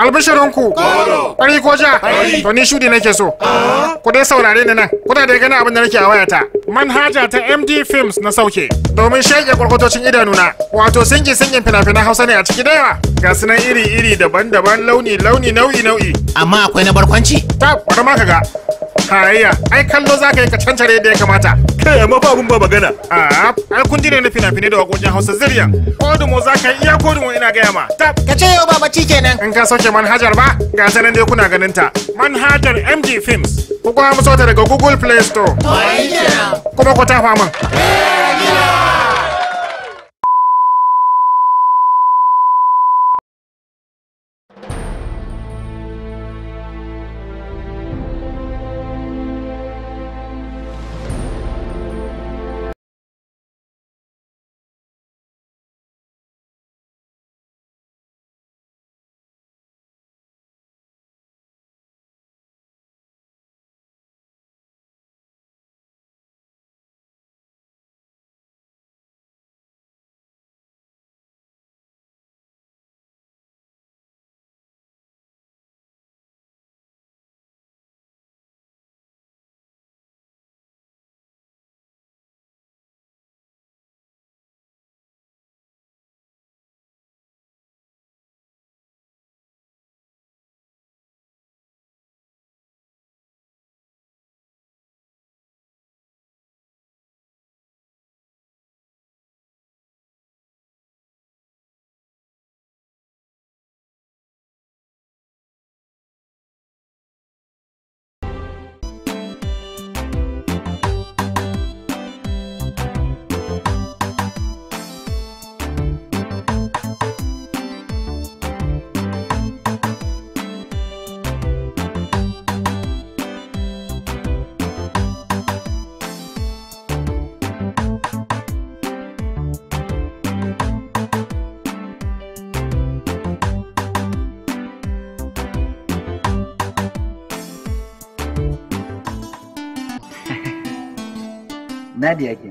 albishirinku ƙari ko ja to ni shudi nake so ku dai saurare ni nan kuna da gani abin da nake a wayata manhaja ta md films na sauke domin shaƙe kwarkwatocin idanuna wato singi singin fina-finan hausa ne a ciki da yawa ga sunan iri-iri daban-daban launi launi nau'i nau'i amma akwai na barkwanci ta wata ma ka ga Hayya, ai kallo za ka yi ka cancare da ya kamata. Kai amma fa abun ba magana. A, ah, ai kun ji ne na fina-finai da wakokin Hausa zirya. Kodumo za ka iya kodumo ina gaya ma. Ta, ka ce yau ba bacci kenan. In ka sauke manhajar ba, ga ta nan dai kuna ganin ta. Manhajar MG Films. Ku kuma musu ta daga Google Play Store. Kuma ku ta faman. Nadiya ke.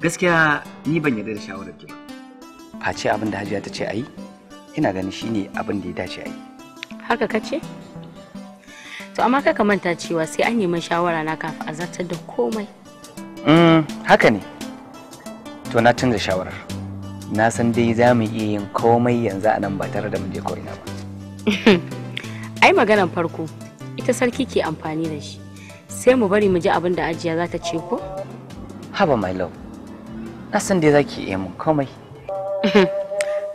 Gaskiya ni ban yarda da shawarar ki. Face abin da Hajiya ta ce ayi, ina ganin shine abin da ya dace ayi. Haka ka ce? To amma ka manta cewa sai an nemi shawara na kafin a zartar da komai. Mm, haka ne. To na canza shawarar. Na san dai za mu iya yin komai yanzu a nan ba tare da mun je ko ina ba. Ai maganar farko ita sarki ke amfani da shi. Sai mu bari mu ji abin da ajiya za ta ce ko? haba my love na san dai zaki iya mun komai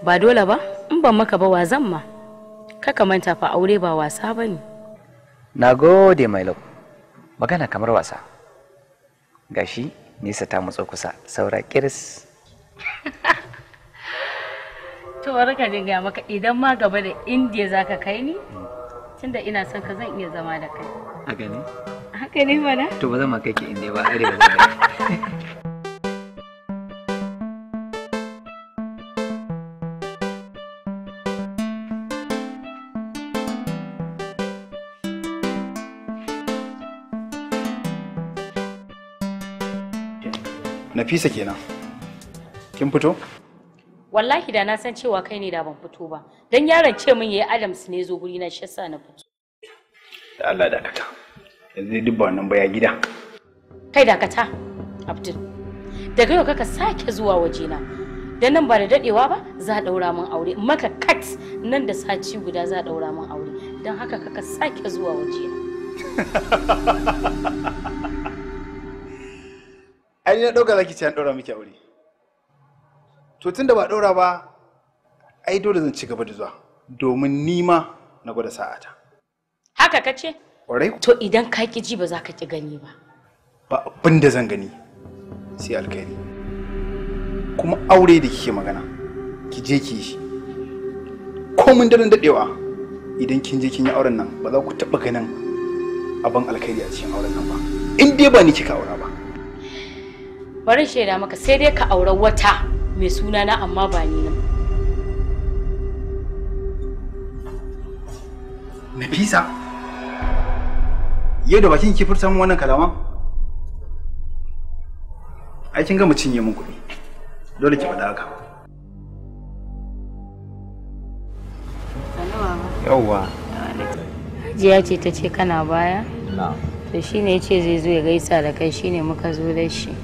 ba dole ba in ban maka ba wa zan ma kaka manta fa aure ba wasa bane na gode my love magana kamar wasa gashi nesa ta mutsa kusa saura kiris to ka jin maka idan ma gaba da indiya zaka kai ni hmm. tunda ina son ka zan iya zama da kai a gani haka ne mana to ba zan ma kai inda ba arewa Nafisa kenan. Kin fito? Wallahi da na san cewa kai ne da ban fito ba. Dan yaron ce min yayi Adams ne zo guri na shi yasa na fito. Da Allah da dakata. zai duk ba nan ba ya gida kai dakata abdul daga yau kaka sake zuwa wajena da nan ba da dadewa ba za a daura min aure maka kat nan da sati guda za a daura min aure don haka kaka sake zuwa wajena ai na dauka zaki ce an daura miki aure to tunda ba daura ba ai dole zan ci gaba da zuwa domin nima na gwada sa'ata haka kace Ƙwarai To idan ka ki ji ba za ka ki gani ba. Ba abin da zan gani sai alkhairi. Kuma aure da kike magana ki je ki shi. Komin daren daɗewa idan kin je kin yi auren nan ba za ku taɓa ganin abin alkhairi a cikin auren nan ba. In dai ba ni kika aura ba. Bari shaida maka sai dai ka aura wata mai suna na amma ba ni nan. Nafisa? yau da bakin ki furta mun wannan kalaman ai kin ga cinye mun kuɗi dole ki faɗa haka yauwa hajiya ce ta ce kana baya to shine ya ce zai zo ya gaisa da kai shine muka zo da shi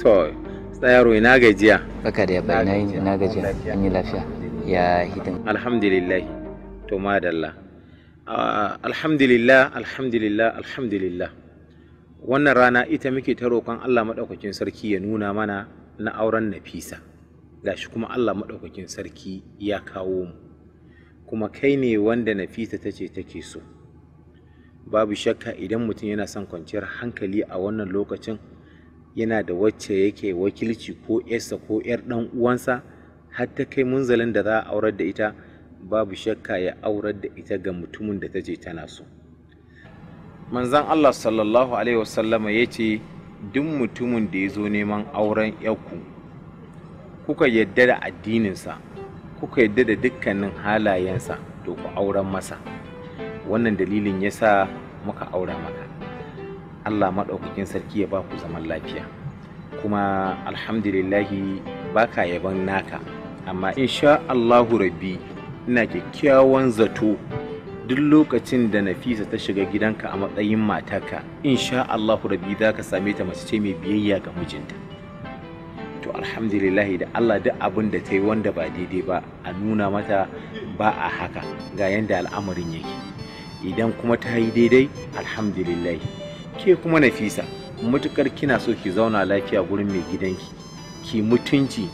to tsayaro ina gajiya baka da yabba ina gajiya an yi lafiya ya hidin alhamdulillah to madalla Ah, alhamdulillah alhamdulillah alhamdulillah wannan rana ita muke ta roƙon Allah maɗaukakin sarki ya nuna mana na auren Nafisa gashi kuma Allah maɗaukakin sarki ya kawo mu kuma kai ne wanda Nafisa ta ce take so babu shakka idan mutum yana son kwanciyar hankali a wannan lokacin yana da wacce yake wakilci ko yarsa ko yar ɗan uwansa har ta kai munzalin da za a aurar da ita babu shakka ya aurar da ita ga mutumin da ta je tana so manzan allah sallallahu alaihi wasallama ya ce duk mutumin da ya zo neman auren ku kuka yadda da addininsa kuka yadda da dukkanin halayensa to ku auren masa wannan dalilin ya sa muka aura maka allah maɗaukakin sarki ya ba ku zaman lafiya kuma alhamdulillahi baka yaban naka amma insha allahu rabbi ina kyakkyawan zato duk lokacin da nafisa ta shiga gidanka a matsayin mataka insha allahu rabi za ka same ta mace ce mai biyayya ga mijinta to alhamdulillahi da allah duk abin da ta yi wanda ba daidai ba a nuna mata ba a haka ga yadda al'amarin yake idan kuma ta yi daidai alhamdulillahi ke kuma nafisa mutukar kina so ki zauna lafiya gurin mai gidanki ki mutunci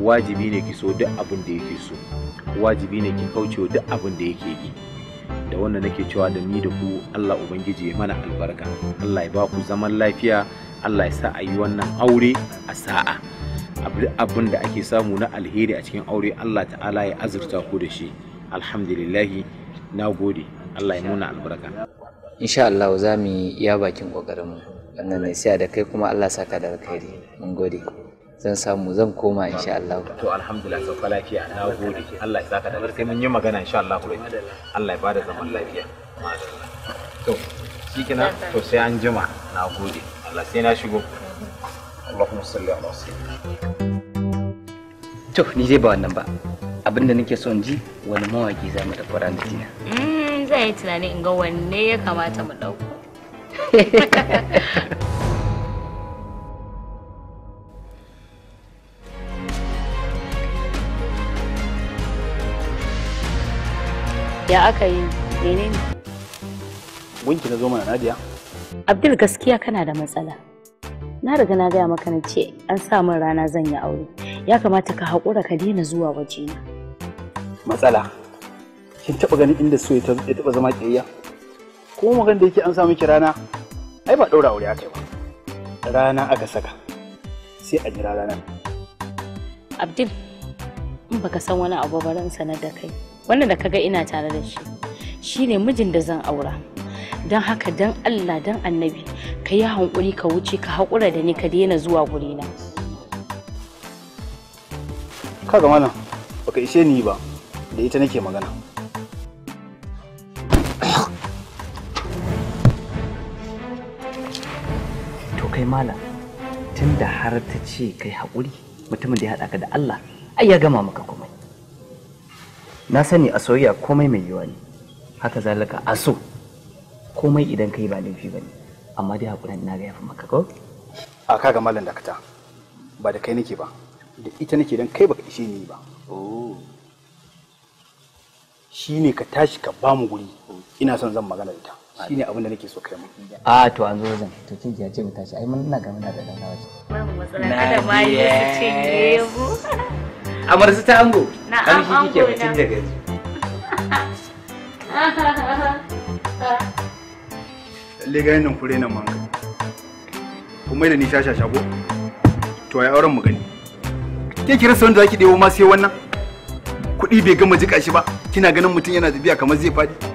wajibi ne ki so duk abin da yake so wajibi ne ki wa duk abin da yake yi da wannan nake cewa da ni da ku Allah ubangiji ya mana albarka Allah ya ba ku zaman lafiya Allah ya sa a yi wannan aure a sa'a abin da ake samu na alheri a cikin aure Allah ta'ala ya azurta ku da shi alhamdulillahi na gode Allah ya muna albarka insha Allah za mu yi iya bakin kokarin mu wannan ne sai da kai kuma Allah saka da alkhairi mun gode zan samu zan koma insha Allah to alhamdulillah sau sauka lafiya na gode Allah ya saka da sai mun yi magana insha Allah Allah ya bada zaman lafiya to shi kina to sai an jima na gode Allah sai na shigo Allahumma salli ala sayyidina. to ni zai ba wannan ba Abin da nake so in ji wani mawaki za mu tafi ranar dina hmm, zai yi tunani in ga wanne ya kamata mu dauko ya aka yi ne? gunki na zo mana nadiya abdul gaskiya kana da matsala na riga na gaya maka na ce an sa min rana zan yi aure ya kamata ka haƙura ka daina zuwa wajena matsala kin taɓa ganin inda so ya taɓa zama ƙiyayya ko magan da yake an sa miki rana ai ba ɗaura aure aka yi ba rana aka saka sai a jira rana abdul in baka san wani abu ba sanar da kai wannan da kaga ina tare da shi shine mijin da zan aura don haka don allah don annabi ka yi hankuri ka wuce ka haƙura da ni ka daina zuwa gurina kaga mana baka ishe ni ba da ita nake magana to kai malam tunda har ta ce kai haƙuri mutumin da ya haɗa ka da allah ai ya gama maka kuma. na sani a soyayya komai mai yiwa ne haka zalika a so komai idan kai ba laifi ba ne amma dai hakuran na ga yafi maka ko a kaga da kata ba da kai nake ba da ita nake dan kai baka ishe ni ba shine ka tashi ka ba mu guri ina son zan magana da ita shine abin da nake so kai mu a to an zo zan to kin ji ce mu tashi ai mun ina ga muna da dan nawa ce babu matsala kada ma yi ce mu amar su ta ango an shi kike mutum da gaji lalle ga nan kure nan manka kuma da ni sha sha shago to ai auren mu gani ke kira sai wanda zaki dewo ma sai wannan kuɗi bai gama jika shi ba kina ganin mutum yana tafiya kamar zai faɗi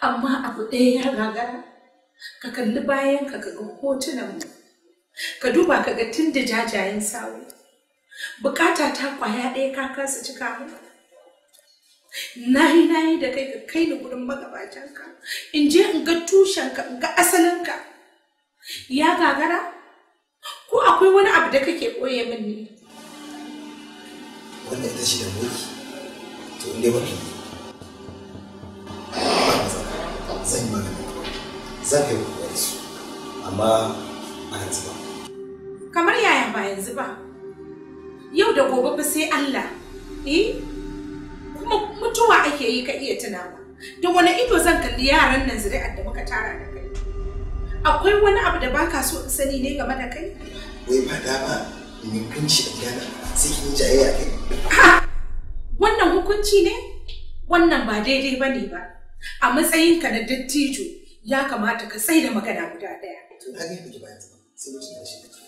amma abu ɗaya ya gagara ka kalli bayan ka ga hotunan mu ka duba ka ga tun da jajayen sawu bukata ta kwaya ɗaya ka kasa cika mu na yi da kai ka kai ni gurin magabatanka in je in ga tushenka in ga asalinka ya gagara ko akwai wani abu da kake koye min wannan ita shi da mulki to inda wannan zan yi magana zan kai kokari su amma a yanzu ba kamar yaya ba yanzu ba yau da gobe ba sai Allah eh kuma mutuwa ake yi ka iya tunawa da wani ido zan kalli yaran nan zuri'ar da muka tara da kai akwai wani abu da baka so in sani ne game da kai wai ba dama in hukunci a gidana sai kin jayayya kai wannan hukunci ne wannan ba daidai bane ba a matsayin ka na dattijo ya kamata ka sai da magana guda ɗaya. To, na ga yanzu ba sai na shi da shi.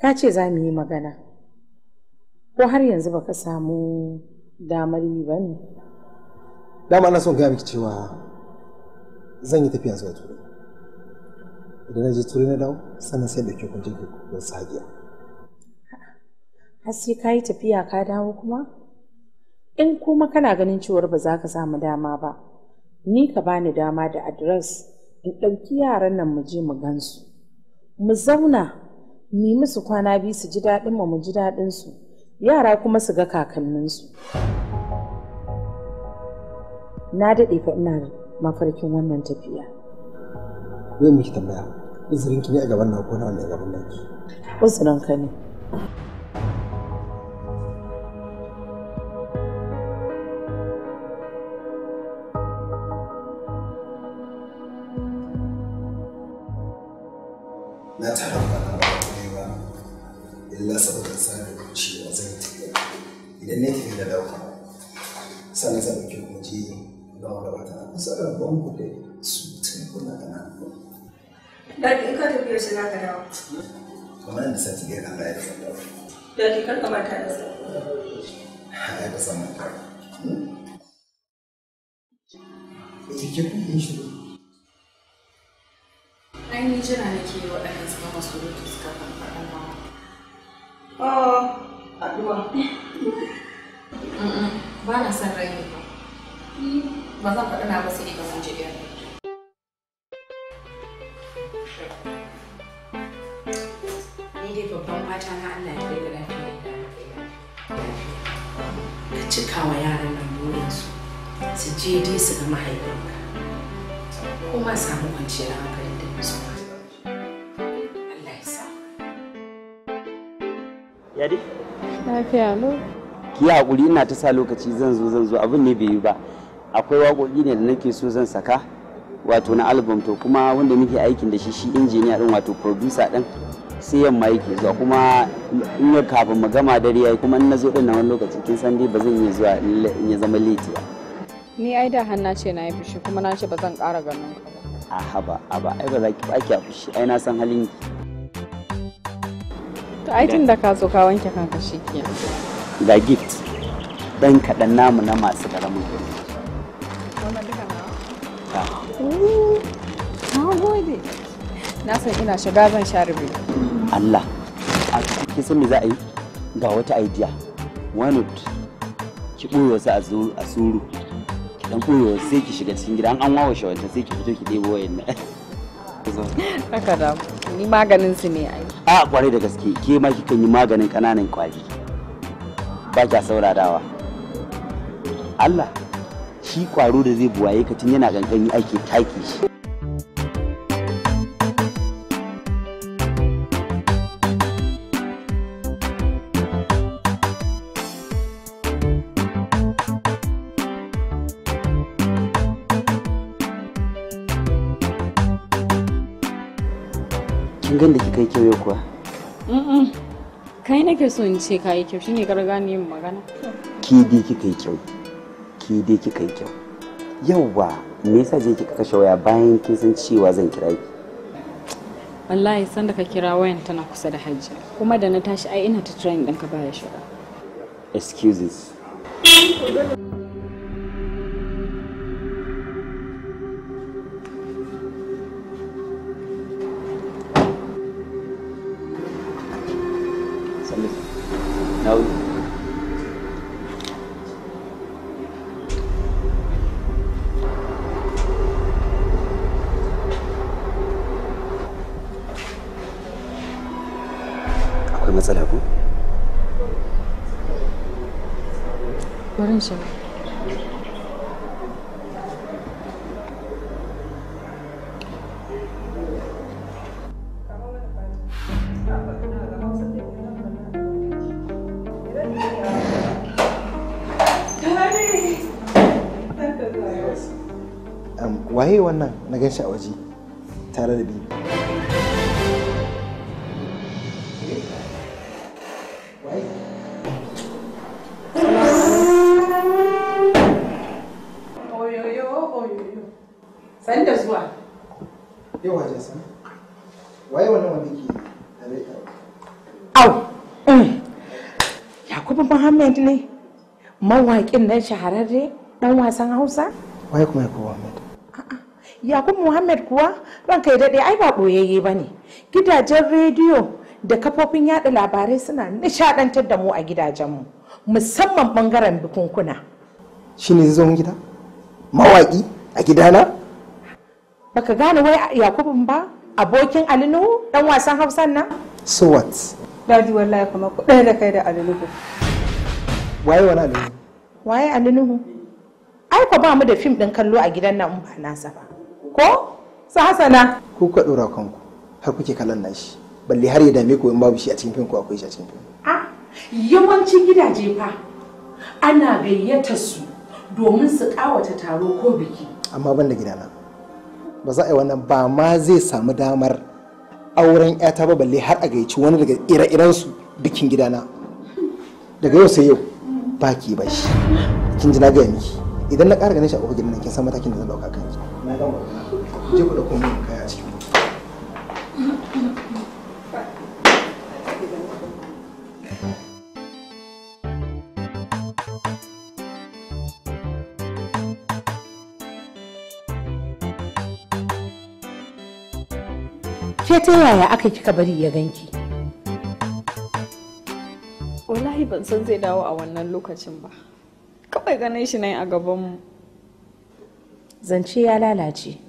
ka ce za mu yi magana ko har yanzu baka samu damar yi ba ne dama na son gaya miki cewa zan yi tafiya zuwa turai idan na je turai na dawo sannan sai ɗauki kwanci don sajiya har sai ka yi tafiya ka dawo kuma in kuma kana ganin cewar ba za ka samu dama ba ni ka bani dama da adres in ɗauki yaran nan mu je mu gansu mu zauna mu musu kwana biyu su ji daɗin mu mu ji daɗin su yara kuma su ga kakanninsu na daɗe fa ina mafarkin wannan tafiya me miki tambaya uzurinki ne a gaban na ko na wanda a gaban naki uzurinka ne za ka dawo. Kamar da sati ɗaya Allah ya da sanda. Daɗi kar ka manta da sanda. Ya ka san manta. Hmm? Ke kun yi shiru. An yi jira nake yi waɗannan suka masu rutu suka faɗa ma. Oh, addu'a. Ba na son rai ba. Ba zan faɗa na ba sai ba san jiya. je su ga mahaifinka kuma samu kwanciyar hankali da nutsuwa yadi ya sa ya dai lafiya lo ki haƙuri ina ta sa lokaci zan zo zan zo abin ne bai yi ba akwai waƙoƙi ne da nake so zan saka wato na album to kuma wanda muke aikin da shi shi injiniya din wato producer din sai yamma yake zuwa kuma in kafin mu gama dare yi kuma in na zo din na wani lokaci kin san dai ba zan iya zuwa in ya zama late ba ni ai da hanna ce na yi fushi kuma na ce ba zan ƙara ganin ka ba a haba ba ai ba za ki ba ki a fushi ai na san halin ki to ai tun da ka zo ka wanke kanka shi ke da gift dan kaɗan namu na masu ƙaramin kuɗi duka na gode na san ina shiga zan sha rubi Allah a cikin san me za a yi ga wata idea wani ki ɓoye wasu a suru dan koyo sai ki shiga cikin gida an shi shawanta sai ki fito ki debo wayannan haka da ni maganin su ne ai a kwarai da gaske ke ma kan yi maganin kananan kwari ba kya saurarawa Allah shi kwaro da zai buwaye ka tun yana gangan yi ake taki shi kin gan da kika yi kyau kuwa kai nake so in ce ka yi kyau shine kar gane yin magana ki dai kika yi kyau ki dai kika yi kyau yawwa me yasa je kika kashe waya bayan kin san cewa zan kira ki wallahi sanda ka kira wayan tana kusa da hajji kuma da na tashi ai ina ta train ɗinka baya shiga excuses sallah akwai matsala ko? na gaishe a waje tare da bibi san mm. yakubu muhammad ne mawaƙin nan shahararre dan wasan hausa waye kuma yakubu muhammad yakub muhammad kuwa ranka ya daɗe ai ba ɓoyayye ba ne gidajen rediyo da kafofin yada labarai suna nishadantar da mu a gidajenmu musamman bangaren bikunkuna shi ne zo gida mawaƙi a gidana baka gane wai yakubun ba abokin alinu dan wasan hausa nan so what daji wallahi kuma ku ɗaya da kai da alinuhu waye wani alinuhu waye alinuhu ai ba mu da fim ɗin kallo a gidan nan ba nasa ba ko su hasana ku ka dora kanku har kuke kallon nashi balle har ya dame ku in babu shi a cikin fim ko akwai shi a cikin fim a yawancin gidaje fa ana gayyatar su domin su kawata taro ko biki amma ban da gidana ba za a yi wannan ba ma zai samu damar auren yata ba balle har a gayyaci wani daga ire-iren su bikin gidana daga yau sai yau ba ki ba shi kin ji na gaya miki idan na ƙara ganin shi a ofishin nan kin san matakin da zan dauka kanki na gama je ku dauko min kaya cikin ke ta yaya aka kika bari ya ganki wallahi ban san zai dawo a wannan lokacin ba kawai ganin shi nan a gabanmu zance ya lalace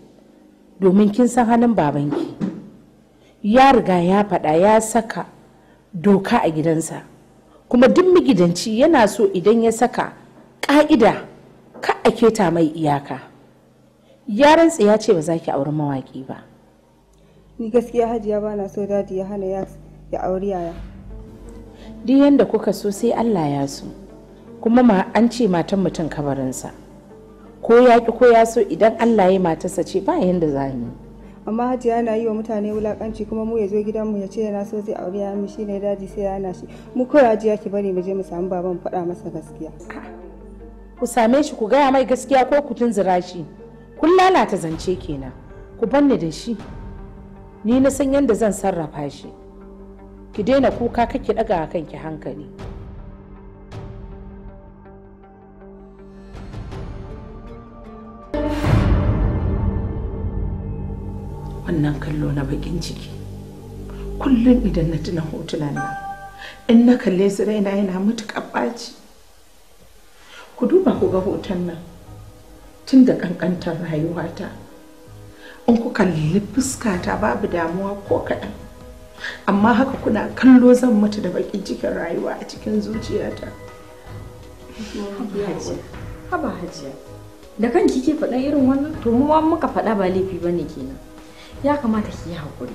domin kin san halin babanki ya riga ya faɗa ya saka doka a gidansa kuma duk magidanci yana so idan ya saka ƙa'ida ka a keta mai iyaka yaran ya ce ba za ki auri mawaƙi ba ni gaskiya hajiya ba na so dadi ya hana ya auri yaya duk yanda kuka so sai allah ya so kuma ma an ce matan mutum kabarinsa ko ya ki ko ya so idan Allah ya matarsa ce ba yanda za mu amma hajiya yana yi wa mutane wulakanci kuma mu ya zo gidanmu ya ce yana so zai aure ya mishi ne daji sai ya hana shi mu kawai hajiya ki bari mu je mu samu baban faɗa masa gaskiya ku same shi ku gaya mai gaskiya ko ku tunzura shi kun lalata zance kenan ku banni da shi ni na san yadda zan sarrafa shi ki daina kuka kake daga kanki hankali wannan kallo na bakin ciki kullum idan na tuna hotunan nan in na kalle su raina yana matuƙar ɓaci ku duba ku ga hoton nan tun da ƙanƙantar rayuwata in ku kalli fuskata babu damuwa ko kaɗan amma haka kuna kallo zan mutu da bakin cikin rayuwa a cikin zuciyata haba hajiya da kanki ke faɗa irin wannan to mu muka faɗa ba laifi bane kenan ya kamata ki yi hakuri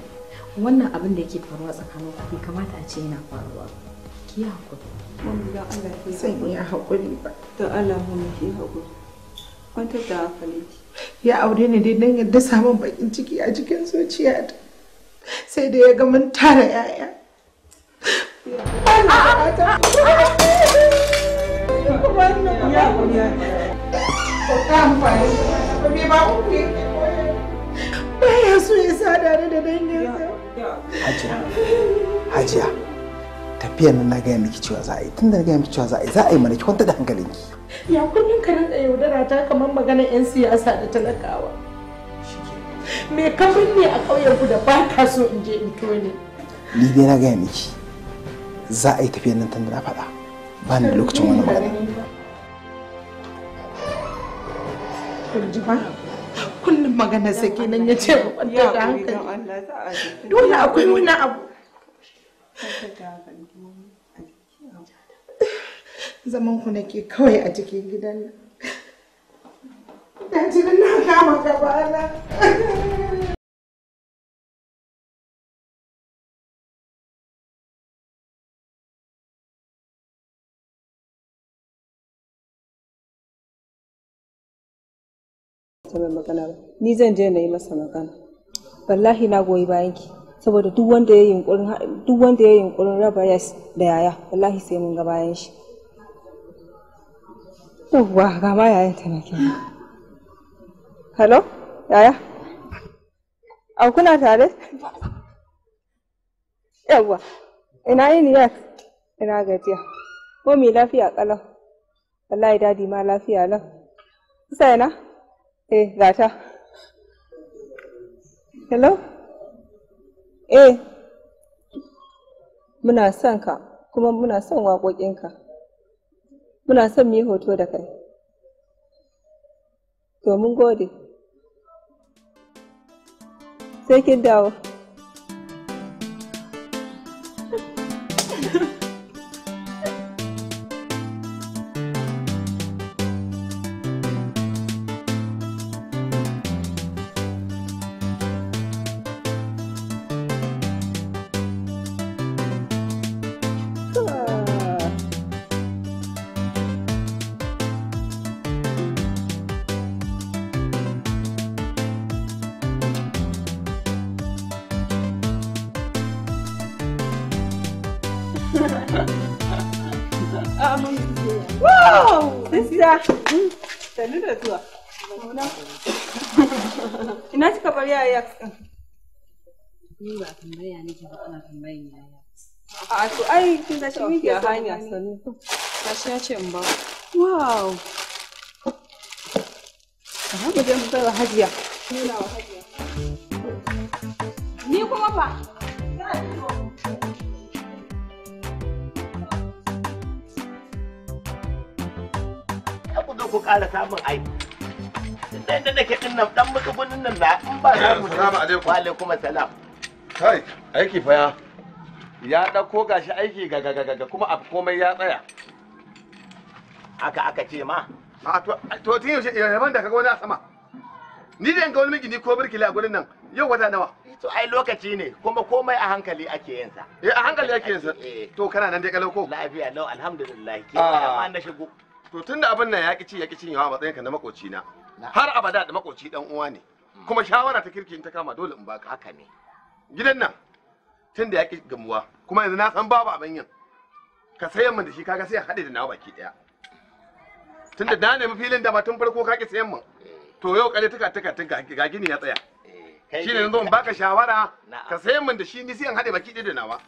wannan abin da yake faruwa tsakanin ku kamata a ce yana faruwa ki yi hakuri mun da Allah ki san yi hakuri ba to Allah mu ki hakuri ta da hankali ya aure ne dai dan yadda samun bakin ciki a cikin zuciya sai dai ya ga mun tara yaya Ya, ya, ya. ta amfani, ko baya so ya sada da danginsa hajiya hajiya tafiyar nan na gaya miki cewa za a yi tun da na gaya miki cewa za a yi za a yi mana ki kwanta da hankalinki ya kullum ka rinka yaudara ta kamar maganar 'yan siyasa da talakawa me ka binne a ƙauyen ku da ba ka so in je in tone ni dai na gaya miki za a yi tafiyar nan tun da na faɗa ba ni da lokacin wani magana. Kurji kullum maganar sa kenan ya ce kwanta da hankali dole akwai wani abu zaman ku nake kawai a cikin gidan nan na ji na kama gaba na mai magana ba ni zan je na yi masa magana wallahi na goyi bayan ki saboda duk wanda ya yunkurin duk wanda ya yunkurin raba yas da yaya wallahi sai mun ga bayan shi yawwa ga ma yayan ta nake hello yaya A kuna tare yawwa ina yini yas ina gajiya ko mai lafiya kalau wallahi dadi ma lafiya lau Kusa yana? eh gata hello eh muna son ka kuma muna son waƙoƙinka muna son mu yi hoto da kai to mun gode sai kin dawo yaya ni ba tambaya nake ba a to ai kin shi hanya sanu ya ce ba wow je mu hajiya. Ni kuma ku ƙara samun aiki. dan da nake din nan dan muka gunin nan na in ba za mu salamu alaikum wa alaikum salam. kai aiki fa ya ya dauko gashi aiki ga ga ga kuma a komai ya tsaya haka aka ce ma a to to tin yaushe yaban da kaga wani a sama ni da ga wani miki ko birkila a gurin nan yau wata nawa to ai lokaci ne kuma komai a hankali ake yin sa eh a hankali ake yin sa eh, eh. to kana nan dai kalau ko lafiya lau alhamdulillah ke ah. ma na shigo to tunda abin nan ya ki ci ya ki cinyewa matsayin ka na makoci na har abada da makoci dan uwa ne kuma shawara ta in ta kama dole in baka haka ne gidan nan tun da ya gamuwa kuma yanzu na san babu abin yin ka sayan min da shi kaga sai ya haɗe da nawa baki ɗaya tun da na nemi filin da ba tun farko ka ki sayan min eh. to yau kare tuka tuka tuka ga gini ya tsaya eh, shine yanzu in baka shawara ka sayan min da shi ni sai an haɗe baki ɗaya da nawa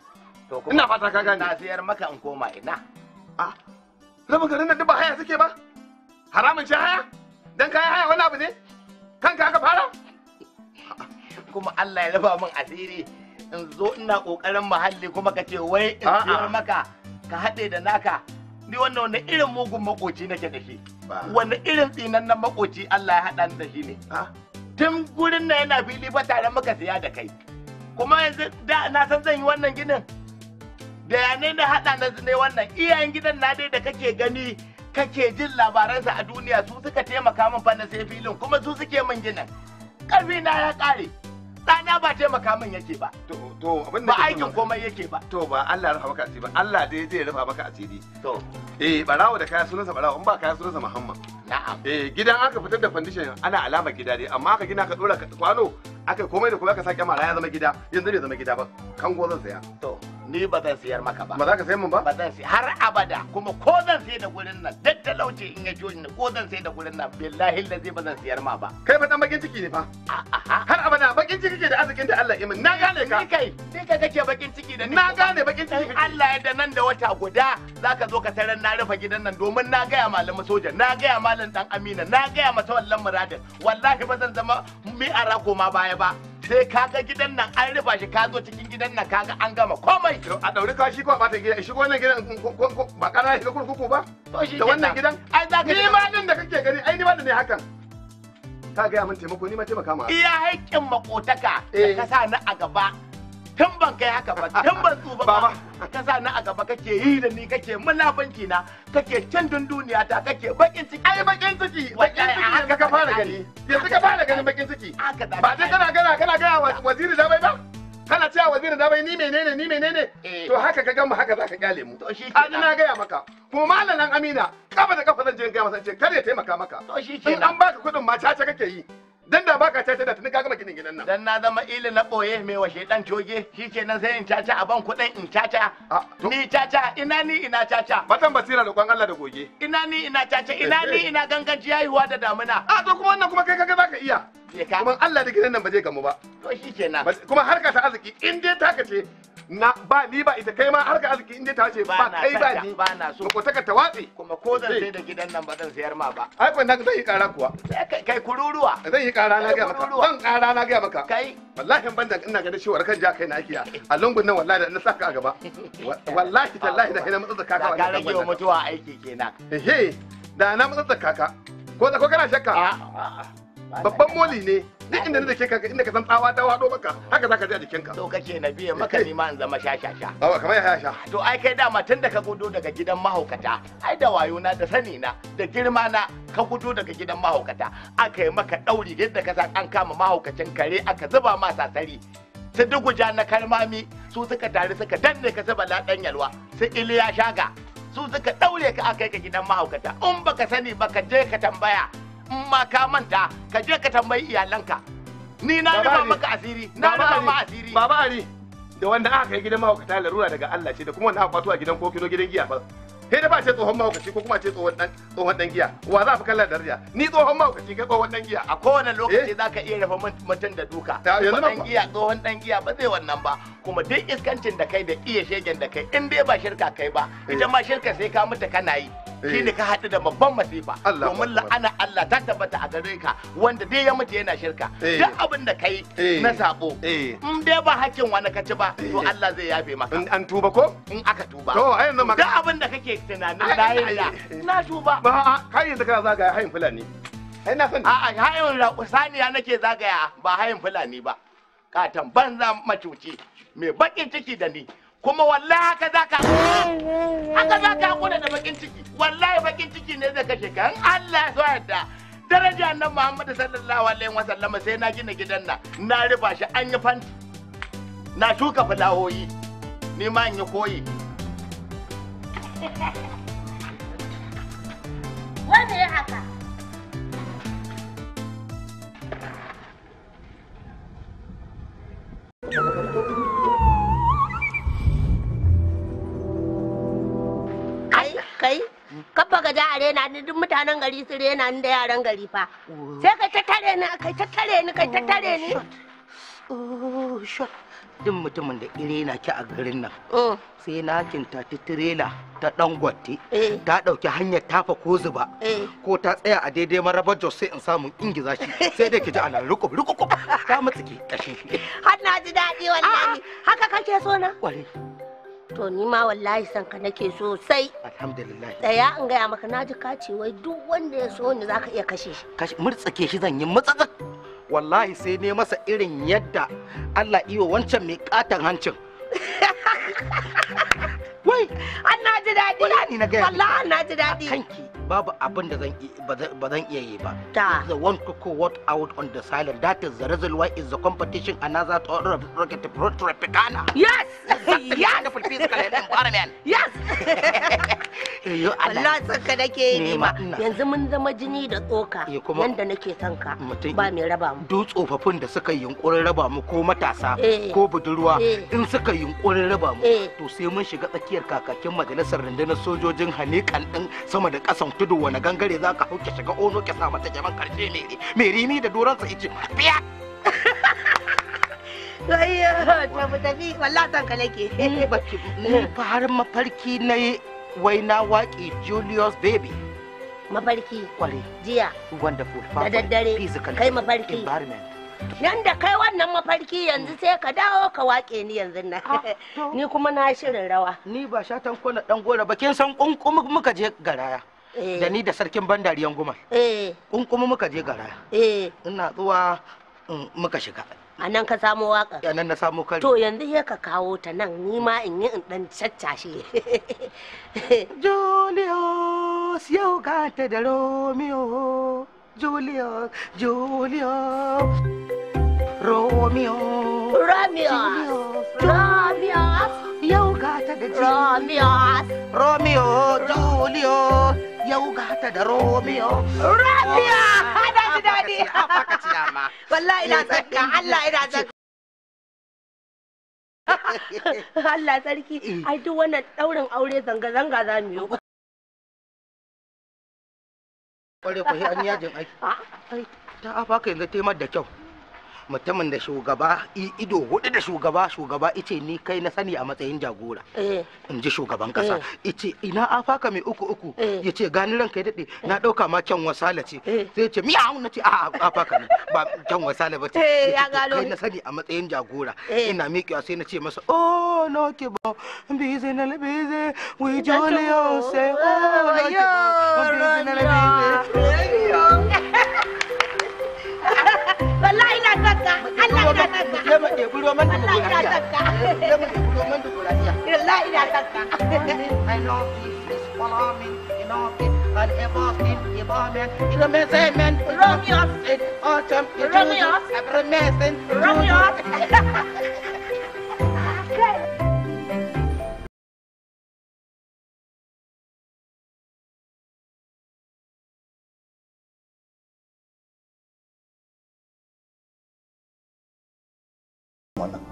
ina fata ka gane na sayar maka in koma ina a ah, rabin garin nan duk ba haya suke ba haramun ce haya dan kayan haya wani abu ne kanka aka fara kuma Allah ya raba min asiri in zo ina kokarin muhalli kuma ka ce wai in siyar maka ka haɗe da naka ni wannan wani irin mugun makoci nake da shi wani irin tsinannen makoci Allah ya haɗa ni da shi ne tun gurin na yana fili ba tare maka siya da kai kuma yanzu da na san zan yi wannan ginin da ya ne na haɗa na ne wannan iyayen gidan na dai da kake gani kake jin labaransa a duniya su suka taimaka min fa sai filin kuma su suke min ginin ƙarfi na ya ƙare ɗana ba taimaka min yake ba to to abin da ba aikin komai yake ba to ba Allah ya rufa maka asiri ba Allah dai zai rufa maka asiri to eh barawo da kaya sunansa barawo in ba kaya sunansa Muhammad na'am eh gidan aka fitar da foundation ana alama gida dai amma aka gina ka dora kwano aka komai da komai aka sake mara ya zama gida yanzu bai zama gida ba kango zan saya to ni ba zan siyar maka ba. Ba za ka sayar min ba? Ba zan siyar har abada kuma ko zan sayar da gurin nan da talauci in ya jo ni ko zan sayar da gurin nan billahi lazi ba zan siyar ma ba. Kai fa dan bakin ciki ne fa. Har abada bakin ciki kike da arzikin da Allah imin na gane ka ni kai ni kai kake bakin ciki da ni na gane bakin ciki Allah ya da nan da wata guda zaka zo ka tarar na rufe gidan nan domin na gaya malamin soja na gaya malam dan Amina na gaya masa wallan muradin wallahi ba zan zama mi arako ma baya ba sai ga gidan nan an rufa shi ka zo cikin gidan nan ka ga an gama komai a dauri kashi ko ba ta gida shi wannan gidan ba kana shiga kurkuku ba to shi da wannan gidan ai zaka ni ma din da kake gani ai ni ma da ne hakan ka gaya min taimako ni ma taimaka ma iya haƙƙin makotaka da eh. ka sa ni a gaba tun ban kai haka ba tun ban tsufa ba ka sa ni a gaba kake yi da ni kake mulabanci na kake cin dunduniya ta kake bakin ciki ai bakin ciki bakin ciki ka fara gani yanzu ka fara ganin bakin ciki ba dai kana gana kana gaya waziri da bai ba kana cewa wazirin da bai ni menene ni menene eh. to haka ka gama haka zaka kyale mu to shi kenan na gaya maka kuma malalan amina kafa da kafa zan je gaya masa ce kar ya taimaka maka to shi kenan in an baka kudin ma caca kake yi dan da baka caca da tun ka gama ginin gidan nan dan na zama ili na boye mai washe dan coge shi kenan sai in caca a ban kudin in caca ni caca ina ni ina caca batan basira da kwan Allah da goge ina ni ina caca ina ni eh. ina ganganci yayiwa da damuna a to kuma wannan kuma kai kaga zaka iya kuma Allah da gidan nan ba zai gamu ba to kenan kuma harka ta arziki in dai ta kace na ba ni ba ita kai ma harka arziki in dai ta ce ba kai ba ni ba na so ko taka watsi kuma ko zan sai da gidan nan ba zan sayar ma ba ai ko nan zai yi kara kuwa kai kururuwa zai yi kara na ga maka ban kara na ga maka kai wallahi ban da ina ganin cewa kan ja kai na akiya a lungun nan wallahi da na saka a gaba wallahi tallahi da ina mutsatsa kaka wallahi da rage mutuwa aiki kenan he da na mutsatsa kaka ko da ko kana shakka a'a babban moli ne duk inda ne da ke kanka inda ka san tsawa ta wado maka haka zaka ji a jikinka to kake na biye maka eh. ni ma in zama shashasha baba kamar ya sha to ai kai dama tun da ka gudo daga gidan mahaukata ai da wayo na da sani na da girma na ka gudo daga gidan mahaukata aka yi maka dauri yadda ka san an kama mahaukacin kare aka zuba ma sasari su duguja na kalmami su suka tare suka danne ka su ladan yalwa su iliya shaga su suka daure ka aka yi ka gidan mahaukata in baka sani baka je ka tambaya in ma ka manta ka je ka tambayi iyalanka ni na rufa maka asiri na rufa ma asiri baba ali da wanda aka kai gidan mahaukata larura daga Allah ce da kuma wanda aka kwato a gidan kokino gidan giya ba sai da ba ce tsohon mahaukaci ko kuma ce tsohon dan tsohon dan giya wa za fi kallon daraja ni tsohon mahaukaci kai tsohon dan giya a kowane lokaci eh? za ka iya rafa mutum da duka yanzu giya tsohon dan giya ba zai wannan ba kuma duk iskancin da kai da iya shegen da kai in dai ba shirka kai ba eh. ita ma shirka sai ka mutu kana yi shi eh. ka haɗu da babban masifa domin la'ana Allah ta tabbata a gare ka wanda dai ya mutu yana shirka eh. duk abin da kai eh. na sabo in dai ba hakkin wani ka ci ba to Allah zai yafe maka in an tuba ko in aka tuba to ai yanzu maka duk abin da kake tunanin yi da na tuba ba kai yanzu kana zagaya hayin fulani ai na sani a'a hayin saniya nake zagaya ba hayin fulani ba katan banza macuci mai bakin ciki da ni kuma wallahi haka za ka haka za ka da bakin ciki wallahi bakin ciki ne zai kashe ka Allah ya so daraja nan Muhammadu sallallahu alaihi wasallam sai na gina gidan nan na rufa shi an yi fanti na shuka fulawoyi ni ma in yi koyi wanda ya haka Thank you. kai kafa ga ja a rena ni duk mutanen gari su rena ni da yaran gari fa sai kai ta tare ni kai ta tare ni kai ta tare ni oh shot oh, duk mutumin da irena ki a garin nan oh. sai na kinta ta tirela eh. ta dan gwatte ta dauki hanyar tafa ko zuba eh. ko ta tsaya a daidai marabar jos sai in samu ingiza shi sai dai ki ji ana rukub rukub ta mutsike kashi har na ji daɗi wallahi haka kake so na To ni ma wallahi san ka nake sosai. Alhamdulillah. Tsaya in gaya maka na ji kace wai duk wanda ya so ni zaka iya kashe shi. Kashe murtsake shi zan yi matsatsa. Wallahi sai ne masa irin yadda Allah iyo wancan mai katan hancin. Wai, an na ji daɗi. Wallahi an Wallahi na ji daɗi. Kanki. babu abin da ba zan iya yi ba. Ta. The one cuckoo what out on the silent. That is the reason why is the competition another to rocket propaganda. Yes. Yes. physical environment. Yes. Yo Allah san ka nake yi ma. Yanzu mun zama jini da tsoka. Yanda nake son ka. Ba mai raba mu. Duk tsofaffin da suka yunkurin raba mu ko matasa eh. ko budurwa eh. in suka yunkurin raba mu eh. to sai mun shiga tsakiyar kakakin majalisar rundunar sojojin hanikan din sama da kasan tudu wani gangare za ka hauke shiga ono ke sa mata jaman karshe ne mai ni da doransa ice biya ta tafi tafi, wallatan ka nake. Baki, fa har mafarki na wai na Julius Baby. Mafarki. Kwari. Jiya. Wonderful. Da daddare. Physical. Kai mafarki. Environment. Nan da kai wannan mafarki yanzu sai ka dawo ka wake ni yanzu na. Ah, ni kuma na shirin rawa. Ni ba shatan kwana dan gora ba kin san kunkumu muka je garaya. Eh. da ni da sarkin bandariyan guma eh. in kuma muka je gara eh. ina zuwa mm, muka shiga a nan ka samo waka a nan na samo kari to yanzu ya ka kawo ta nan ni ma in yi in dan caccashe Julius yau ka ta da Romeo Julius Julius Romeo Romeo Romeo yau ka ta da Romeo Romeo Julius yau gata da romeo rabia hada ji daɗi wallahi ina tsakka allah ina tsakka Allah sarki, mm. ai duk wannan ɗaurin aure zanga-zanga za mu yi. Kware ku an yajin aiki. Ah, ta afa ka yanzu taimar da kyau. mutumin da shugaba ido hudu da shugaba shugaba ice ni kai na sani a matsayin jagora eh. in ji shugaban kasa eh. ice ina faka mai uku uku eh. ya ce gani ranka ya daɗe na ɗauka ma kyan wasala ce sai ce miya na ce a faka ne ba kyan wasala ba ce kai na sani a matsayin jagora ina miƙewa sai na ce masa oh no ke ba bize na la bize we jolly oh say oh no ke ba bize na la bize Allah I love you please follow me you know it and ever know it all time you wrong yours every message wrong wannan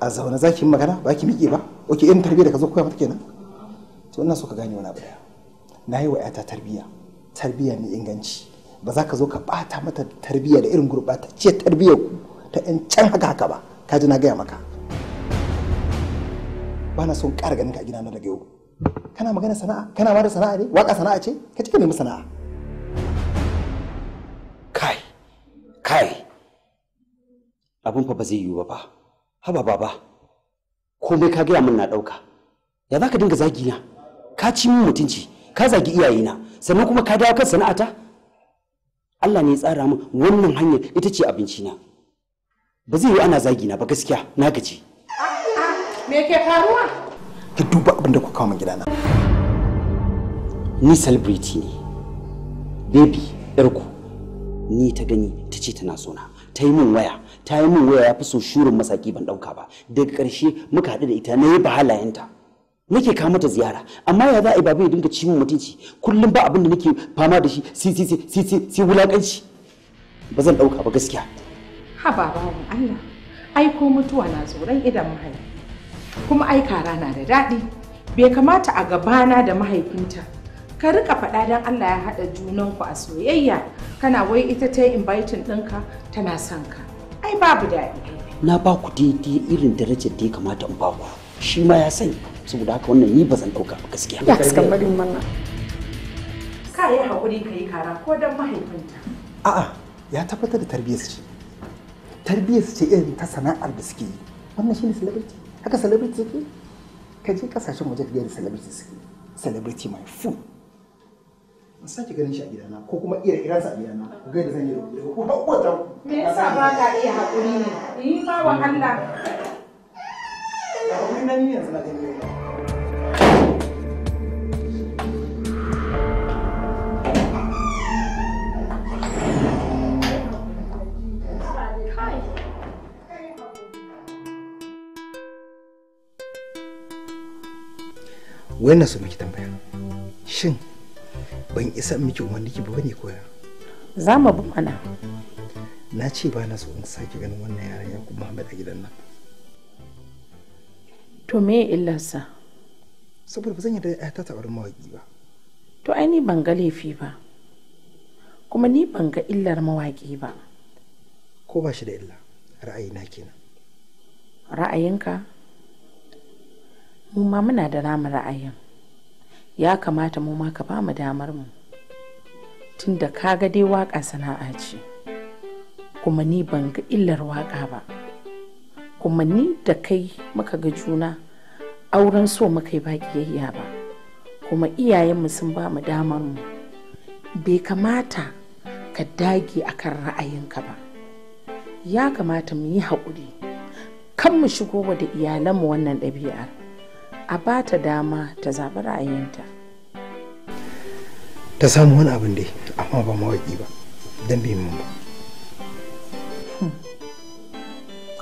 a zaune za ki yi magana ba ki miƙe ba ok irin tarbiyya da ka zo koya mata kenan to ina so ka gane wani abu daya na yi wa ta tarbiyya tarbiyya mai inganci ba za ka zo ka bata mata tarbiyya da irin gurɓatacciyar tarbiyyar ku ta 'yan can haka haka ba ka ji na gaya maka ba na son ƙara ganin ka a na daga yau kana magana sana'a kana ba da sana'a ne waka sana'a ce ka ci ka nemi sana'a kai kai abin fa ba zai yiwu ba haba baba komai ka gaya min na ɗauka ya za ka dinga zagi na ka ci min mutunci ka zagi iyayena sannan kuma ka dawo kan sana'ata Allah ne ya tsara min wannan hanyar ita ce abincina ba zai yi ana zagi na ba gaskiya na gaji me ke faruwa ki duba abin da ku kawo min gidana ni celebrity ne baby yarku ni ta gani ta ce tana sona ta yi min waya ta yi min waya ya fi so shirin masaki ban ɗauka ba daga ƙarshe muka haɗu da ita na yi ba halayenta nake kawo mata ziyara amma ya za a yi babu ya dinga cimin mutunci kullum ba abin da nake fama da shi si si si si si wulaƙanci ba zan ɗauka ba gaskiya. ha babawan allah ai ko mutuwa na tsoron idan mahaifi kuma ai kara na da daɗi bai kamata a gabana da mahaifinta ka rika faɗa don allah ya haɗa junanku a soyayya kana wai ita ta yi inviting ɗinka tana son ka ai babu daɗi na ba ku daidai irin darajar da ya kamata in ba ku shi ma ya sani saboda haka wannan ni ba zan ɗauka ba gaskiya ya suka bari mana ka yi haƙuri ka yi kara ko don mahaifinta a'a ya tabbatar da tarbiyyar ce tarbiyyar ce irin ta sana'ar da suke yi wannan shine celebrity haka celebrity suke ka je kasashen waje ka ga celebrity suke celebrity my food in sake ganin shi a gidana ko kuma iya iransa a gidana ku ga da zan yi da ku ko ba ta me yasa ba ka iya hakuri ne yi ba wa Allah ba kuma nan yanzu na gani Wai na so miki tambaya. Shin ban isa miki umarni ki bane koya za mu bi mana na ce ba na so in sake ganin wannan yaran ya kuma a gidan nan to me illarsa saboda ba zan yi da ta taɓa mawaƙi ba to ai ni ban ga laifi ba kuma ni ban ga illar mawaƙi ba ko ba shi da illa ra'ayina kenan ra'ayinka mu ma muna da namu ra'ayin ya kamata mu ma ka ba mu damar mu tun da ka ga dai waƙa sana'a ce kuma ni ban ga illar waƙa ba kuma ni da kai muka ga juna auren so muka yi ba ƙiyayya ba kuma iyayenmu sun ba mu damar mu bai kamata ka dage a kan ra'ayinka ba ya kamata mu yi haƙuri kan mu shigo wa da iyalanmu wannan ɗabi'ar a ba ta dama ta zaɓi ra'ayinta ta samu wani abin dai amma ba mawaƙi ba don bai mun ba hmm.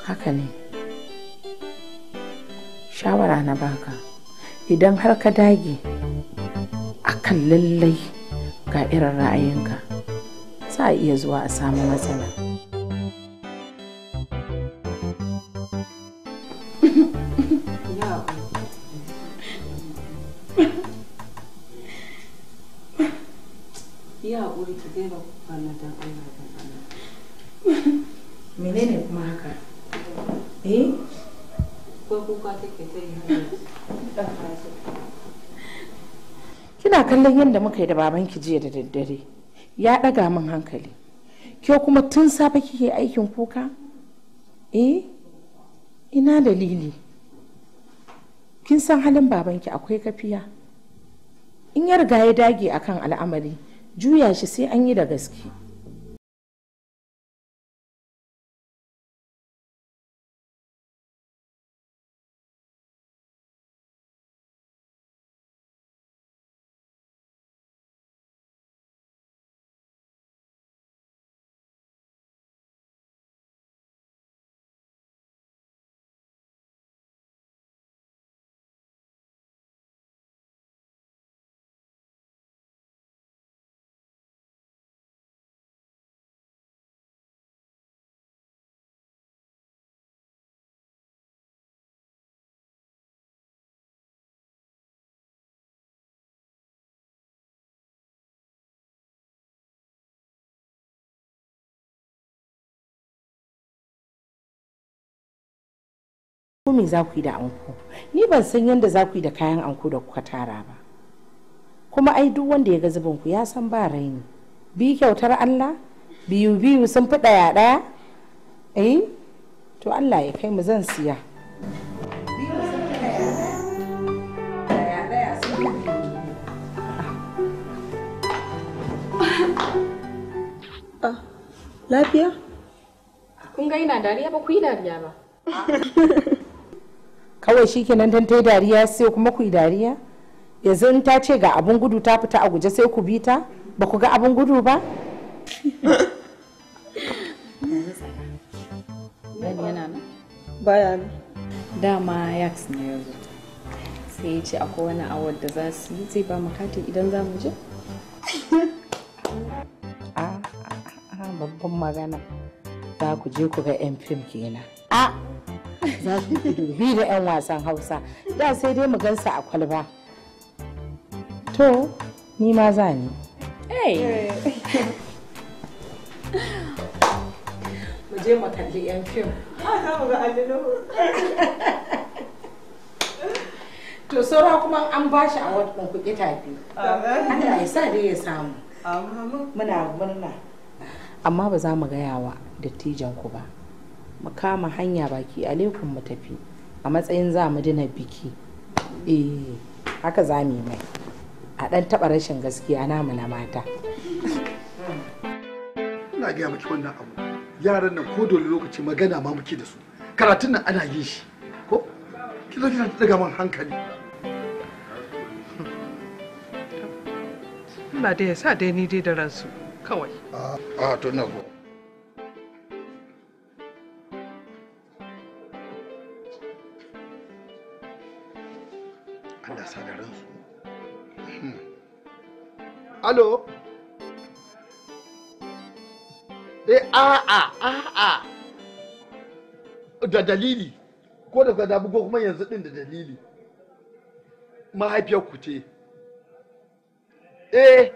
haka ne shawara na baka idan har ka dage a kan lallai ga irin ra'ayinka za a iya zuwa a samu matsala. kina kallon yadda muka yi da babanki jiya da daddare ya ɗaga min hankali ke kuma tun safe kike aikin kuka eh ina dalili kin san halin babanki akwai kafiya in ya riga ya dage akan al'amari juya shi sai an yi da gaske ko me za ku yi da anko ni ban san yadda za ku yi da kayan anko da kuka tara ba kuma ai duk wanda ya ga zubin ku ya san ba raini bi kyautar Allah biyu biyu sun fi ɗaya ɗaya eh to Allah ya kai mu zan siya ah, lafiya kun ga ina dariya ba ku yi dariya ba kawai shi kenan dan ta dariya sai kuma ku yi dariya yanzu in ta ce ga abin gudu ta fita a guje sai ku bi ta ba ku ga abin gudu ba baya ne dama yax ne yanzu sai ya ce akwai wani awar da za su yi zai ba mu katin idan za mu je a ah, ah, ah, babban magana za ku je ku ga yan fim kenan a za ku dubi da 'yan wasan hausa da sai dai mu gansa a kwalba to ni ma za ni mu je mu kalli 'yan fim za mu ga allilo to saura kuma an ba shi a wadda kuɗi tafi Allah ya sa dai ya samu muna murna amma ba za mu gaya wa dattijan ku ba mu kama hanya baki alaikum mu tafi a matsayin za mu dina biki eh haka za mu yi mai a ɗan taɓa rashin gaskiya na mu na mata ina gaya miki wannan abu yaran nan ko dole lokaci magana ma muke da su karatun nan ana yin shi ko ki zo kina daga man hankali Allah dai ya sa dai ni dai da ransu kawai a ah, ah, to na go Halo? Eh, ah ah, ah, ah. Da dalili, ko da ka dabu ko kuma yanzu ɗin da dalili. Mahaifiyar ku ce. Eh,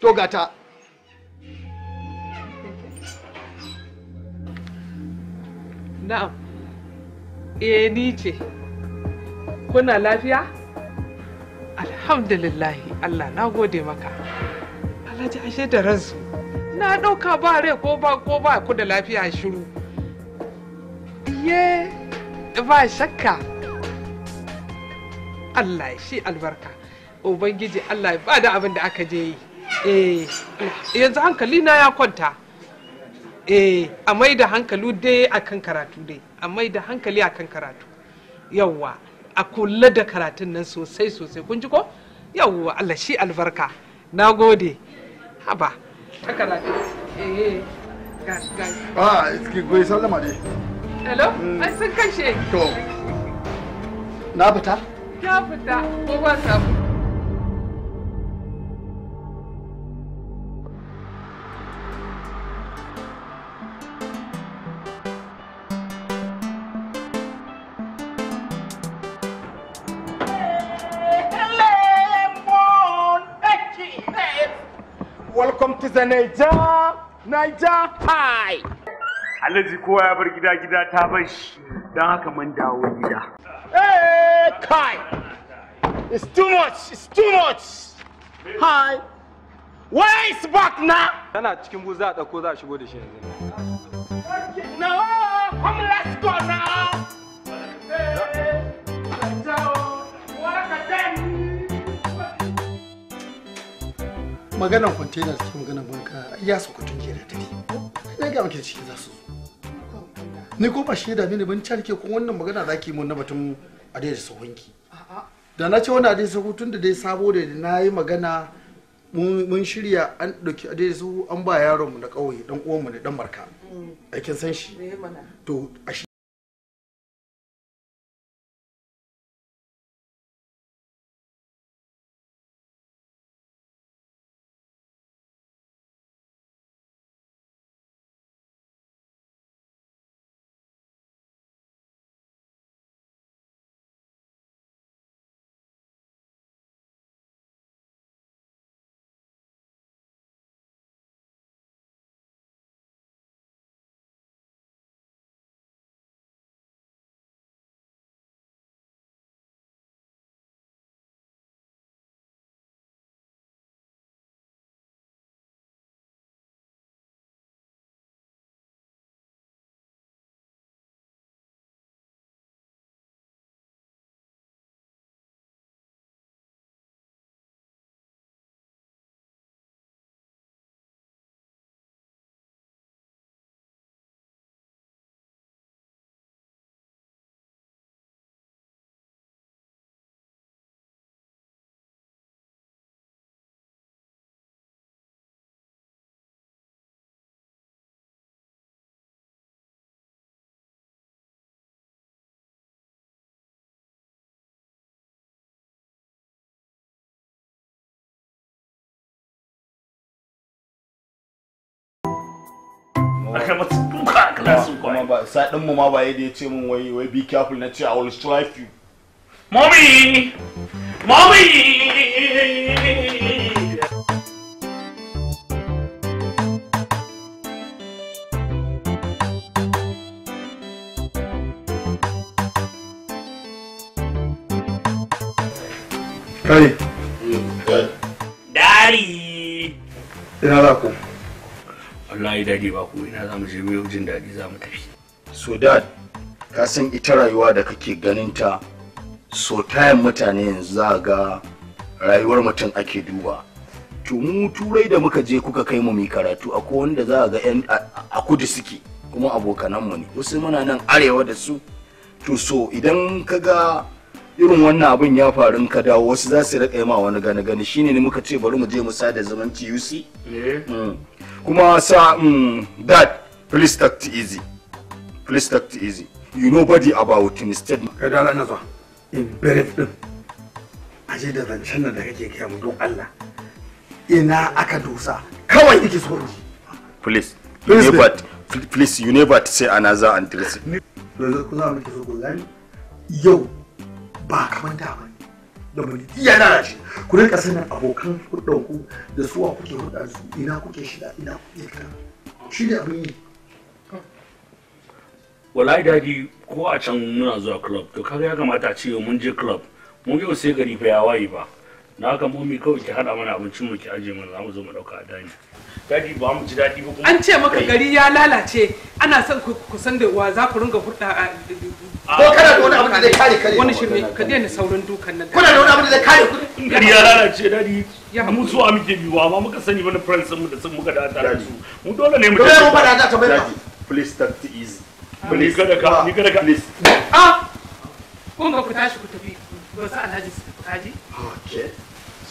to gata. Na'am, eh ni ce, kuna lafiya? alhamdulillahi allah na gode maka alhaji ashe da ransu na ɗauka ba rai ko ba ko ba ku da lafiya shiru iye ba shakka allah shi albarka ubangiji allah ba da abin da aka je yi eh, yanzu hankali na ya kwanta eh a mai da hankali dai akan karatu dai a mai hankali akan karatu yawwa a kula da karatun nan sosai sosai kun ji ko yawwa Allah shi albarka na gode haba ta karatu eh, eh. gashi gashi ah iski goyi sallama ne hello mm. ai sun kashe to na fita ya fita ko ba sabu is the Niger, Niger high. Alhaji kowa ya bar gida gida ta bar shi don haka mun dawo gida. Eh kai! It's too much, it's too much. Hi. Where is back now? Tana cikin buza a ɗauko za a shigo da shi yanzu. maganar container cikin maganar banka ya su kutun jere da dare sai ga muke ciki za su ni ko ba shaida ne ban ci ko wannan magana zaki mun na batun adai da sahunki da na ce wani adai sahu tun da dai sabo da na yi magana mun shirya an ɗauki adai da sahu an ba yaron mu na ƙauye dan uwan mu ne dan marka mm. aikin san shi to aka mata duka kana sun kwai ba sadin mu ma ba yadda yace min wai wai be na ce i will strike you mommy mommy Kai. Dari. wallahi daɗi ba ko ina za mu je mu jin daɗi za mu tafi dad ka san ita rayuwa da kake ganin ta so tayan mutane yanzu za ga rayuwar mutum ake duba to mu turai da muka je kuka kai mu mai karatu akwai wanda za ga yan a kudu suke kuma abokananmu ne wasu muna nan arewa da su to so idan ka ga irin wannan abin ya faru in ka dawo wasu za su rika ma wani gani gani shine ne muka ce bari mu je mu sada zumunci UC eh. mm. kuma sa that. Mm, please talk to easy please talk to easy you know body about instead ka da na zo in brief din aje da zancen nan da kake kai mu don Allah ina aka dosa kawai kike so please please you never please you never say another address yau ba kamar da ba da mu iya da shi ku rinka sanin abokan hudun da suwa kuke hudda su ina kuke shiga ina kuke ka shi da abin yi wallahi dadi ko a can muna zuwa club to kaga ya kamata a ce mun je club mun yau sai gari fa ya waye ba na haka momi kawai ki hada mana abincin mu ki aje mana za mu zo mu dauka a dani daji ba mu ji daɗi ba kuma an ce maka gari ya lalace ana son ku san da wa za ku ringa hurɗa a ko kana da wani abu da zai kare kare wani shirme ka daina sauran dukan nan kuna da wani abu da zai kare ku gari ya lalace daɗi mu a muke biwa amma muka sani wani friends mu da sun muka da tare su mu dole ne mu dole mu fada za ka bayar please take it easy please kada ka ni kada ka please ah ko ma ku tashi ku tafi ba sa alhaji su kaji okay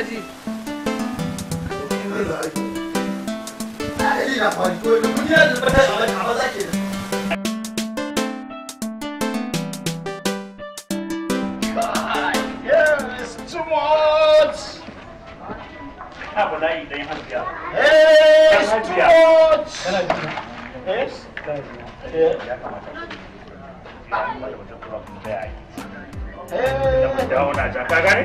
kana ji na fari ko da ya kamata. Na, yi.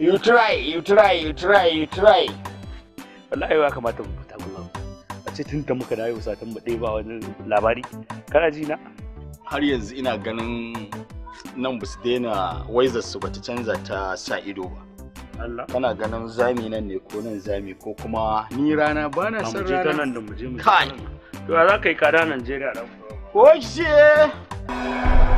you try you try you try you try wallahi ya kamata mu fita kullum a ce tun da muka dawo satan mu ba wani labari kana ji na har yanzu ina ganin nan ba su daina waizar su bata canza ta sa ido ba Allah kana ganin zami nan ne ko nan zami ko kuma ni rana ba na san rana nan da mu je mu kai to za ka yi kada Najeriya dan ko ce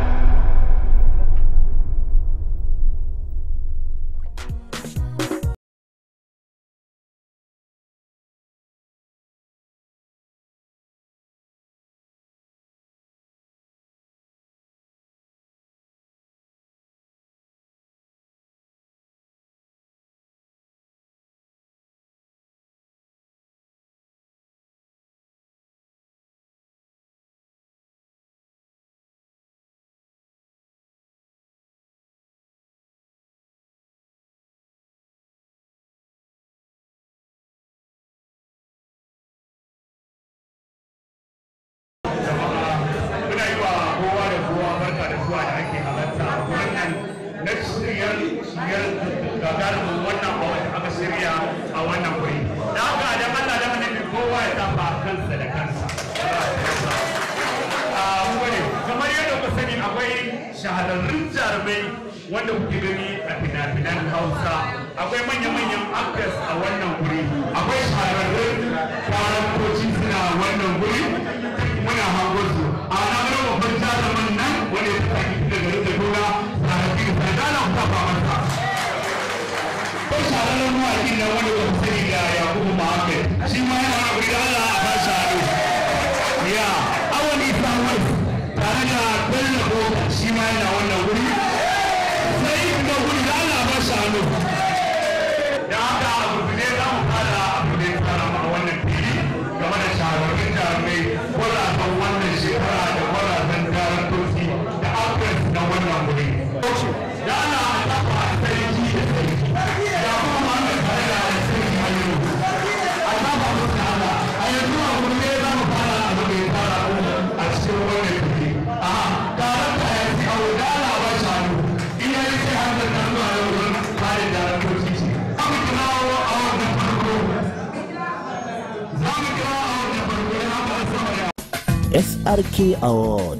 SRK Award.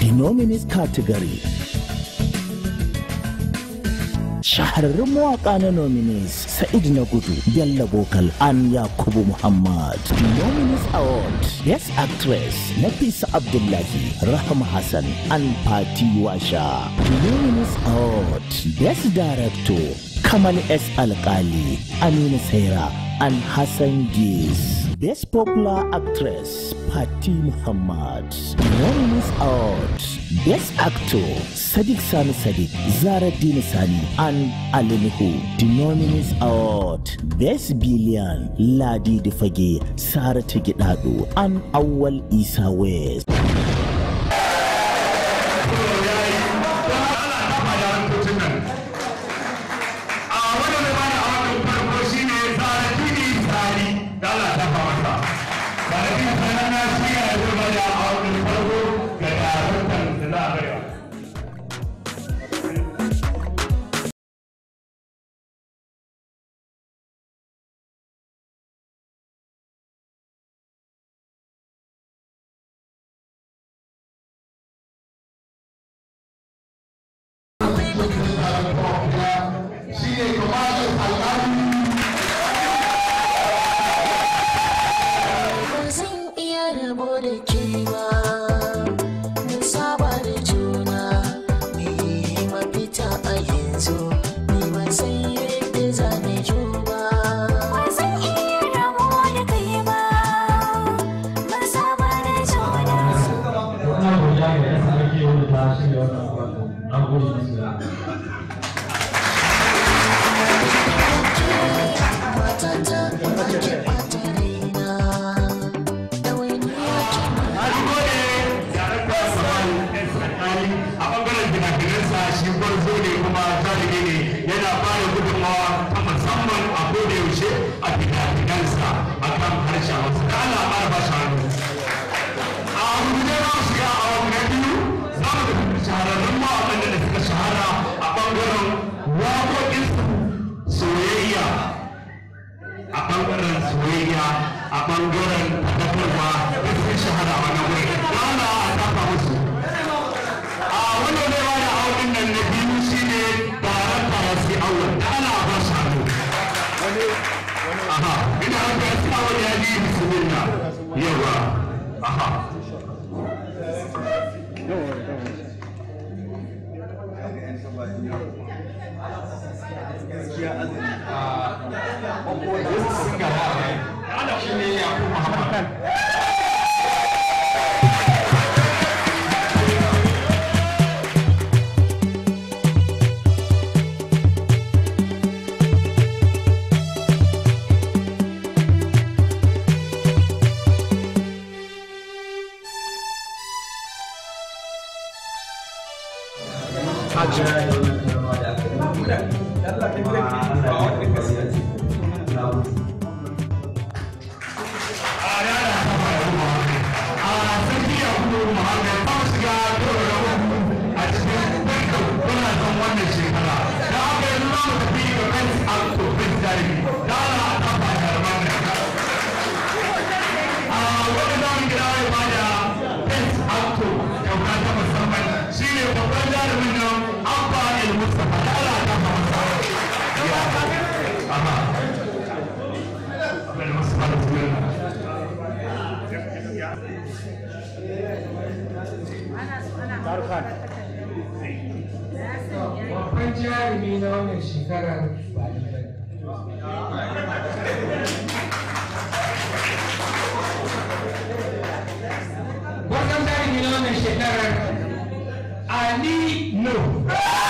The nominees category. shahararrun mawaka na nominees sa'id na gudu bello bokal an yakubu muhammad nominees award best actress nafisa abdullahi rahama hassan an fati washa nominees award best director Kamal S. Alkali, Aminu Saira, and Hassan Giz. Best Popular Actress Fati Muhammad. Anonymous Out. Best Actor Sadiq Sani Sadiq, Zara Dini Sani, and The Denominous Out. Best Billion Ladi fage Sara Tigidado, and Awal Isa West. the king Babban jarumi na wannan shekarar na wannan shekarar Ali Nuh.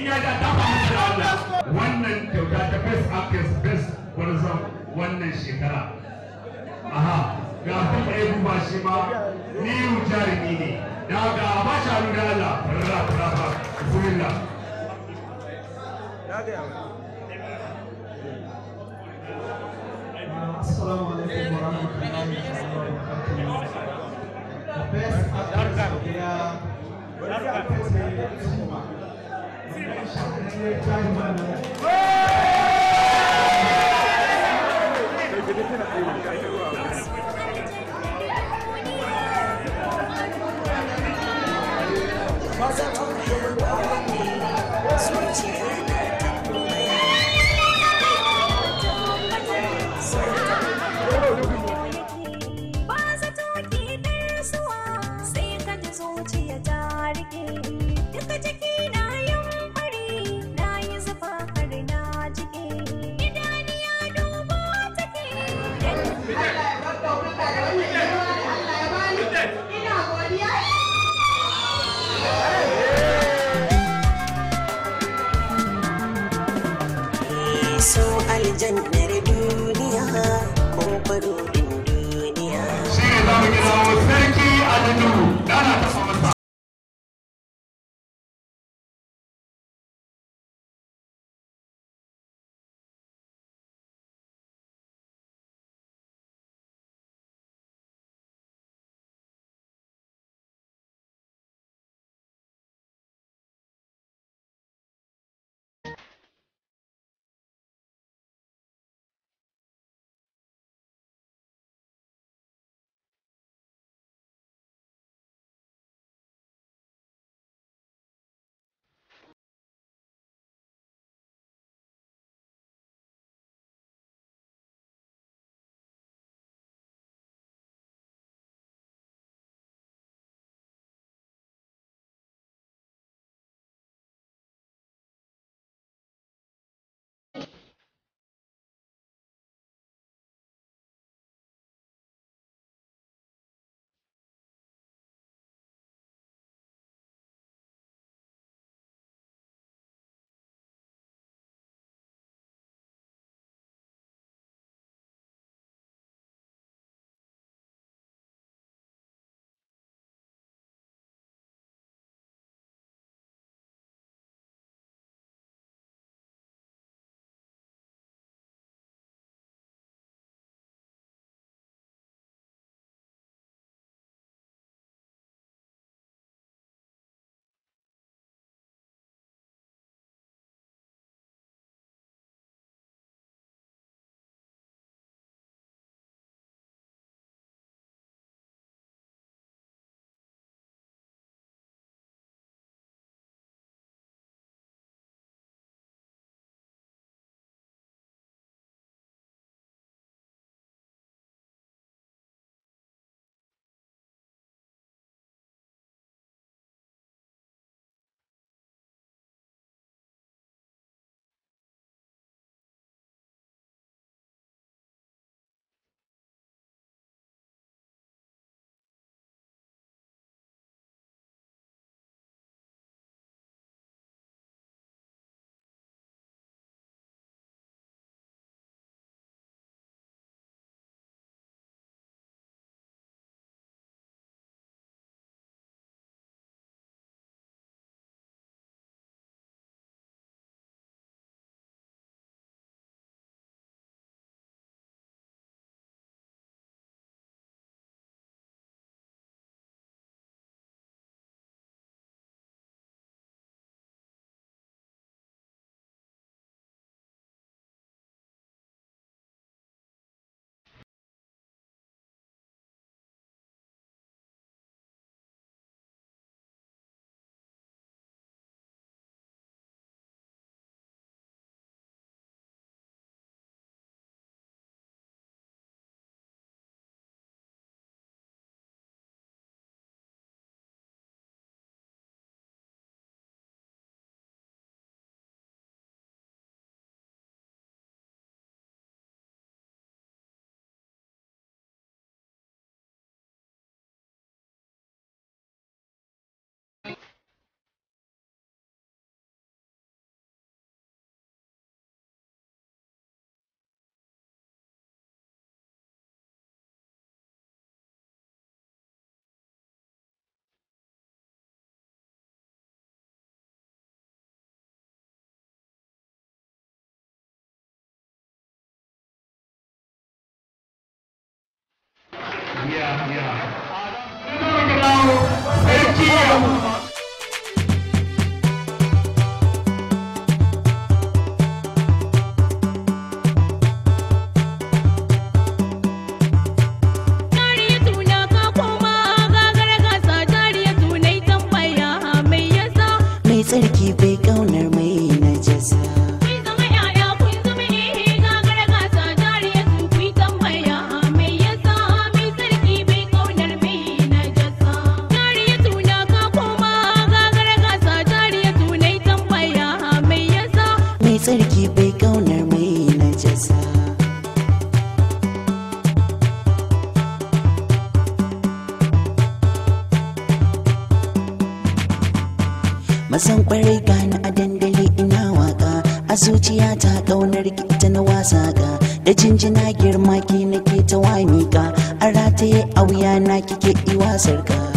in ya ga dafa da Allah wannan kyauta ta best actress best gwarzon wannan shekara aha ga kuma shi ma ni jarumi ne da ga ba shi hannu da Allah fara fara bismillah uh, Assalamu alaikum wa rahmatullahi The best actress of the year, the best actress of the year, Brasil! yeah, yeah. take iwa sarka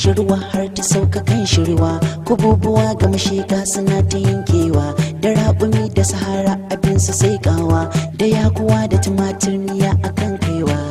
shirwa har ta sauka kan shirwa kububuwa ga mashiga suna ta yankewa da raƙumi da sahara su sai kawa da yakuwa da tumatir miya akan kaiwa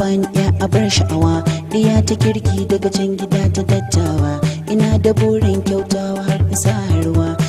ban ya bar sha'awa ɗiya ta kirki daga can gida ta dattawa ina da burin kyautawa har isa harwa